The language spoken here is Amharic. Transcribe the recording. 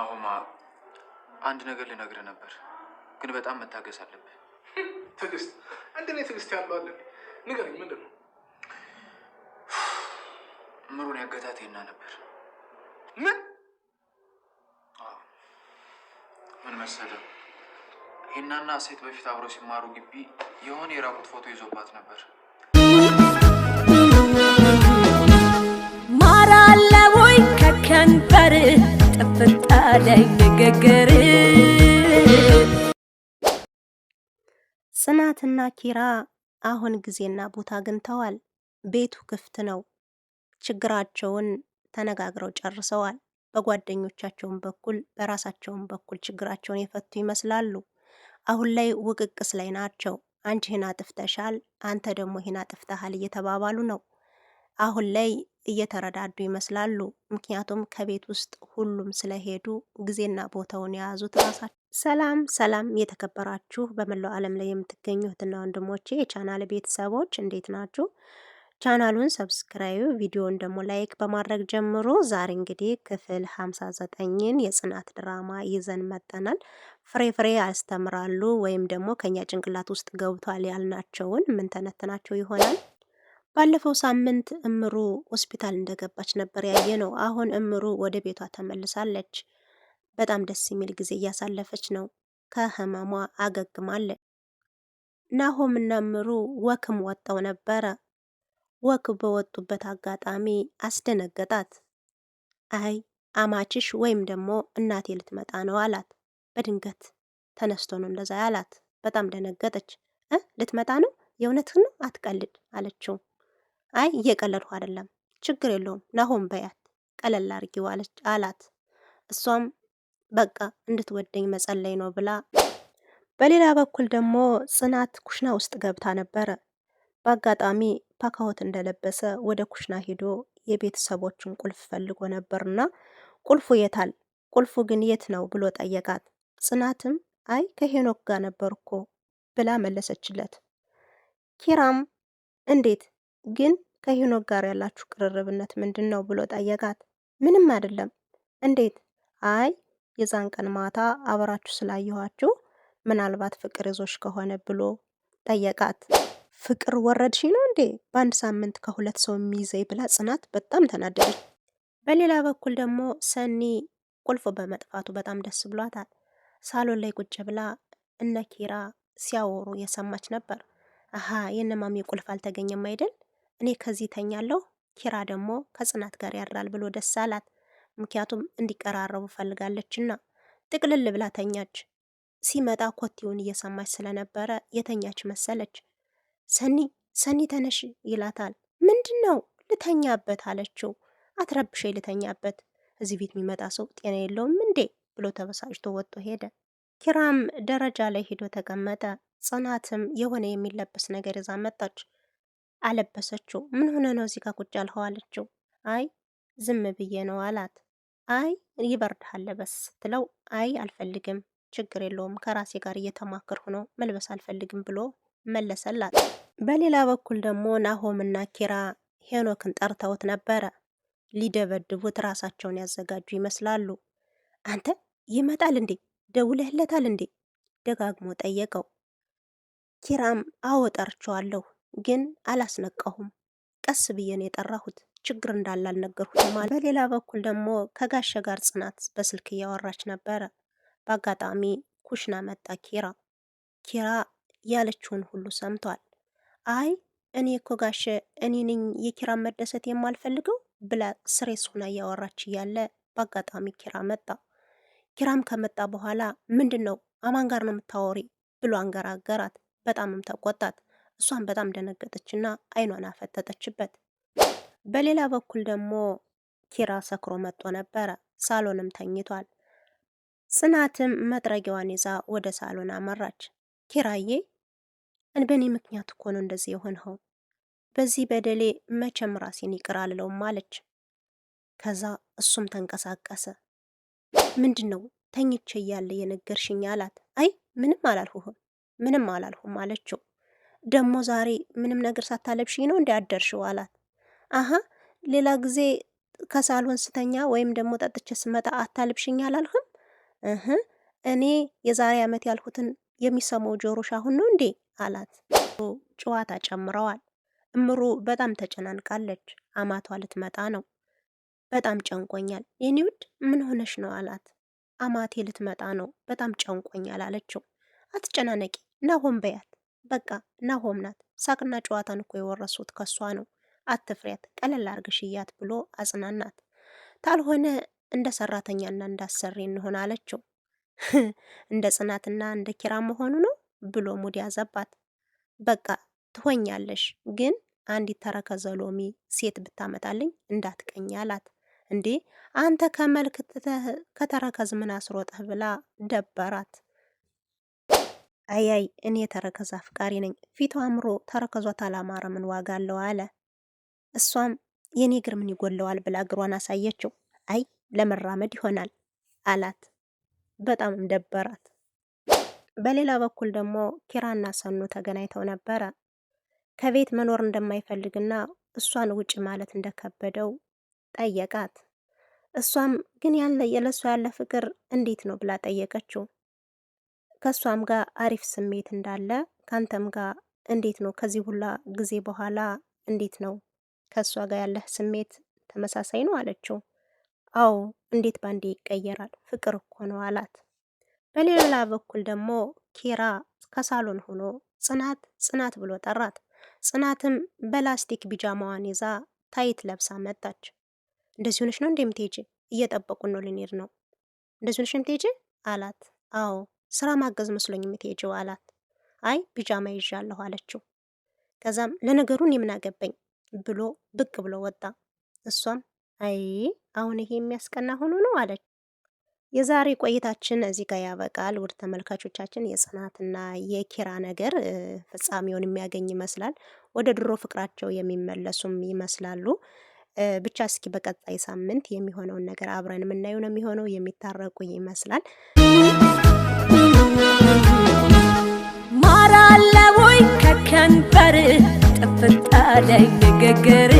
ናሆማ አንድ ነገር ልነግርህ ነበር፣ ግን በጣም መታገስ አለብህ። ትዕግስት እንደ እኔ ትዕግስት ያለው አለ? ንገረኝ፣ ምንድን ነው? ምሩን ያገታት ይና ነበር። ምን ምን መሰለህ፣ ይህናና ሴት በፊት አብረው ሲማሩ ግቢ የሆነ የራቁት ፎቶ ይዞባት ነበር ነገር ጽናትና ኪራ አሁን ጊዜና ቦታ አግኝተዋል። ቤቱ ክፍት ነው። ችግራቸውን ተነጋግረው ጨርሰዋል። በጓደኞቻቸውም በኩል በራሳቸውም በኩል ችግራቸውን የፈቱ ይመስላሉ። አሁን ላይ ውቅቅስ ላይ ናቸው። አንቺ ይህን አጥፍተሻል፣ አንተ ደግሞ ሂና አጥፍተሃል እየተባባሉ ነው። አሁን ላይ እየተረዳዱ ይመስላሉ። ምክንያቱም ከቤት ውስጥ ሁሉም ስለሄዱ ጊዜና ቦታውን የያዙት ራሳቸው። ሰላም ሰላም! የተከበራችሁ በመላው ዓለም ላይ የምትገኙ እህትና ወንድሞቼ የቻናል ቤተሰቦች እንዴት ናችሁ? ቻናሉን ሰብስክራይብ ቪዲዮን ደግሞ ላይክ በማድረግ ጀምሮ ዛሬ እንግዲህ ክፍል ሀምሳ ዘጠኝን የጽናት ድራማ ይዘን መጠናል። ፍሬ ፍሬ ያስተምራሉ ወይም ደግሞ ከኛ ጭንቅላት ውስጥ ገብቷል ያልናቸውን ምን ተነትናቸው ይሆናል ባለፈው ሳምንት እምሩ ሆስፒታል እንደገባች ነበር ነው። አሁን እምሩ ወደ ቤቷ ተመልሳለች። በጣም ደስ የሚል ጊዜ እያሳለፈች ነው። ከህመሟ አገግማለች። ናሆም እና እምሩ ወክም ወጣው ነበረ። ወክ በወጡበት አጋጣሚ አስደነገጣት። አይ አማችሽ ወይም ደግሞ እናቴ ልትመጣ ነው አላት። በድንገት ተነስቶ ነው እንደዛ ያላት በጣም ደነገጠች። ልትመጣ ነው የእውነትህ ነው? አትቀልድ አለችው። አይ እየቀለድሁ አይደለም፣ ችግር የለውም ናሆም በያት ቀለል አለች አላት። እሷም በቃ እንድትወደኝ መጸለይ ነው ብላ በሌላ በኩል ደግሞ ጽናት ኩሽና ውስጥ ገብታ ነበረ። በአጋጣሚ ፓካሆት እንደለበሰ ወደ ኩሽና ሂዶ የቤተሰቦቹን ቁልፍ ፈልጎ ነበርና ቁልፉ የታል? ቁልፉ ግን የት ነው ብሎ ጠየቃት። ጽናትም አይ ከሄኖክ ጋር ነበር እኮ ብላ መለሰችለት። ኪራም እንዴት ግን ከሄኖክ ጋር ያላችሁ ቅርርብነት ምንድን ነው ብሎ ጠየቃት። ምንም አይደለም። እንዴት? አይ የዛን ቀን ማታ አብራችሁ ስላየኋችሁ ምናልባት ፍቅር ይዞሽ ከሆነ ብሎ ጠየቃት። ፍቅር ወረድሽ ነው እንዴ? በአንድ ሳምንት ከሁለት ሰው የሚይዘኝ ብላ ጽናት በጣም ተናደደች። በሌላ በኩል ደግሞ ሰኒ ቁልፎ በመጥፋቱ በጣም ደስ ብሏታል። ሳሎን ላይ ቁጭ ብላ እነ ኪራ ሲያወሩ የሰማች ነበር። አሀ የነማሚ ቁልፍ አልተገኘም አይደል? እኔ ከዚህ ተኛለሁ፣ ኪራ ደግሞ ከጽናት ጋር ያድራል ብሎ ደስ አላት። ምክንያቱም እንዲቀራረቡ ፈልጋለችና ጥቅልል ብላ ተኛች። ሲመጣ ኮቴውን እየሰማች ስለነበረ የተኛች መሰለች። ሰኒ ሰኒ ተነሽ ይላታል። ምንድን ነው ልተኛበት አለችው። አትረብሼ ልተኛበት፣ እዚህ ቤት የሚመጣ ሰው ጤና የለውም እንዴ ብሎ ተበሳጭቶ ወጥቶ ሄደ። ኪራም ደረጃ ላይ ሄዶ ተቀመጠ። ጽናትም የሆነ የሚለበስ ነገር ይዛ መጣች። አለበሰችው። ምን ሆነ ነው እዚህ ጋር ቁጭ ያልኸው አለችው። አይ ዝም ብዬ ነው አላት። አይ ይበርድሃል ለበስ ስትለው አይ አልፈልግም፣ ችግር የለውም ከራሴ ጋር እየተማከርሁ ነው መልበስ አልፈልግም ብሎ መለሰላት። በሌላ በኩል ደግሞ ናሆምና ኪራ ሄኖክን ጠርተውት ነበረ። ሊደበድቡት ራሳቸውን ያዘጋጁ ይመስላሉ። አንተ ይመጣል እንዴ ደውለህለታል እንዴ ደጋግሞ ጠየቀው። ኪራም አዎ ግን አላስነቃሁም። ቀስ ብዬ ነው የጠራሁት። ችግር እንዳለ አልነገርሁትም በሌላ በኩል ደግሞ ከጋሸ ጋር ጽናት በስልክ እያወራች ነበረ። በአጋጣሚ ኩሽና መጣ ኪራ። ኪራ ያለችውን ሁሉ ሰምቷል። አይ እኔ እኮ ጋሸ እኔ ነኝ የኪራን መደሰት የማልፈልገው ብላ ስሬስ ሆና እያወራች እያለ በአጋጣሚ ኪራ መጣ። ኪራም ከመጣ በኋላ ምንድን ነው አማን ጋር ነው የምታወሪ ብሎ አንገራገራት። በጣምም ተቆጣት። እሷን በጣም ደነገጠችና አይኗን አፈጠጠችበት። በሌላ በኩል ደግሞ ኪራ ሰክሮ መጥቶ ነበረ። ሳሎንም ተኝቷል። ጽናትም መጥረጊያዋን ይዛ ወደ ሳሎን አመራች። ኪራዬ፣ በእኔ ምክንያት እኮ ነው እንደዚህ የሆንኸው። በዚህ በደሌ መቼም ራሴን ይቅር አልለውም አለች። ከዛ እሱም ተንቀሳቀሰ። ምንድን ነው ተኝቼ እያለ የነገርሽኝ አላት። አይ ምንም አላልሁህም፣ ምንም አላልሁም አለችው። ደግሞ ዛሬ ምንም ነገር ሳታለብሽኝ ነው እንዲ አደርሽው አላት። አሀ ሌላ ጊዜ ከሳሎን ስተኛ ወይም ደግሞ ጠጥቼ ስመጣ አታልብሽኝ አላልህም? እህ እኔ የዛሬ ዓመት ያልኩትን የሚሰማው ጆሮሽ አሁን ነው እንዴ አላት። ጨዋታ ጨምረዋል። እምሩ በጣም ተጨናንቃለች። አማቷ ልትመጣ ነው። በጣም ጨንቆኛል የኔ ውድ ምን ሆነሽ ነው አላት። አማቴ ልትመጣ ነው በጣም ጨንቆኛል አለችው። አትጨናነቂ ናሆን በያት በቃ ናሆም ናት። ሳቅና ጨዋታን እኮ የወረሱት ከሷ ነው። አትፍሬያት፣ ቀለል አርግሽ እያት ብሎ አጽናናት። ታልሆነ እንደ ሰራተኛና እንዳሰሪ እንሆን አለችው። እንደ ጽናትና እንደ ኪራ መሆኑ ነው ብሎ ሙድ ያዘባት። በቃ ትሆኛለሽ፣ ግን አንዲት ተረከዘ ሎሚ ሴት ብታመጣልኝ እንዳትቀኝ አላት። እንዴ አንተ ከመልክ ከተረከዝ ምን አስሮጠህ ብላ ደበራት። አያይ እኔ ተረከዝ አፍቃሪ ነኝ፣ ፊቷ አምሮ ተረከዟት አላማረ ምን ዋጋ አለው አለ። እሷም የኔ እግር ምን ይጎለዋል ብላ እግሯን አሳየችው። አይ ለመራመድ ይሆናል አላት። በጣምም ደበራት። በሌላ በኩል ደግሞ ኪራና ሰኑ ተገናኝተው ነበረ። ከቤት መኖር እንደማይፈልግና እሷን ውጭ ማለት እንደከበደው ጠየቃት። እሷም ግን ያለ የለሷ ያለ ፍቅር እንዴት ነው ብላ ጠየቀችው። ከእሷም ጋር አሪፍ ስሜት እንዳለ ከአንተም ጋር እንዴት ነው? ከዚህ ሁላ ጊዜ በኋላ እንዴት ነው ከእሷ ጋር ያለህ ስሜት ተመሳሳይ ነው አለችው። አዎ እንዴት ባንዴ ይቀየራል ፍቅር እኮ ነው አላት። በሌላ በኩል ደግሞ ኪራ ከሳሎን ሆኖ ጽናት ጽናት ብሎ ጠራት። ጽናትም በላስቲክ ቢጃማዋን ይዛ ታይት ለብሳ መጣች። እንደዚህ ሆነሽ ነው እንደምትሄጂ? እየጠበቁን ነው ልንሄድ ነው። እንደዚህ ሆነሽ ነው የምትሄጂ አላት። አዎ ስራ ማገዝ መስሎኝ የምትሄጂው አላት። አይ ቢጃማ ይዣለሁ አለችው። ከዛም ለነገሩን የምናገበኝ ብሎ ብቅ ብሎ ወጣ። እሷም አይ አሁን ይሄ የሚያስቀና ሆኖ ነው አለች። የዛሬ ቆይታችን እዚህ ጋር ያበቃል። ውድ ተመልካቾቻችን የጽናትና የኪራ ነገር ፍጻሜውን የሚያገኝ ይመስላል። ወደ ድሮ ፍቅራቸው የሚመለሱም ይመስላሉ። ብቻ እስኪ በቀጣይ ሳምንት የሚሆነውን ነገር አብረን የምናየው ነው የሚሆነው። የሚታረቁ ይመስላል። ማራለውኝ ከከንፈር ጥፍጣለኝ ንግግር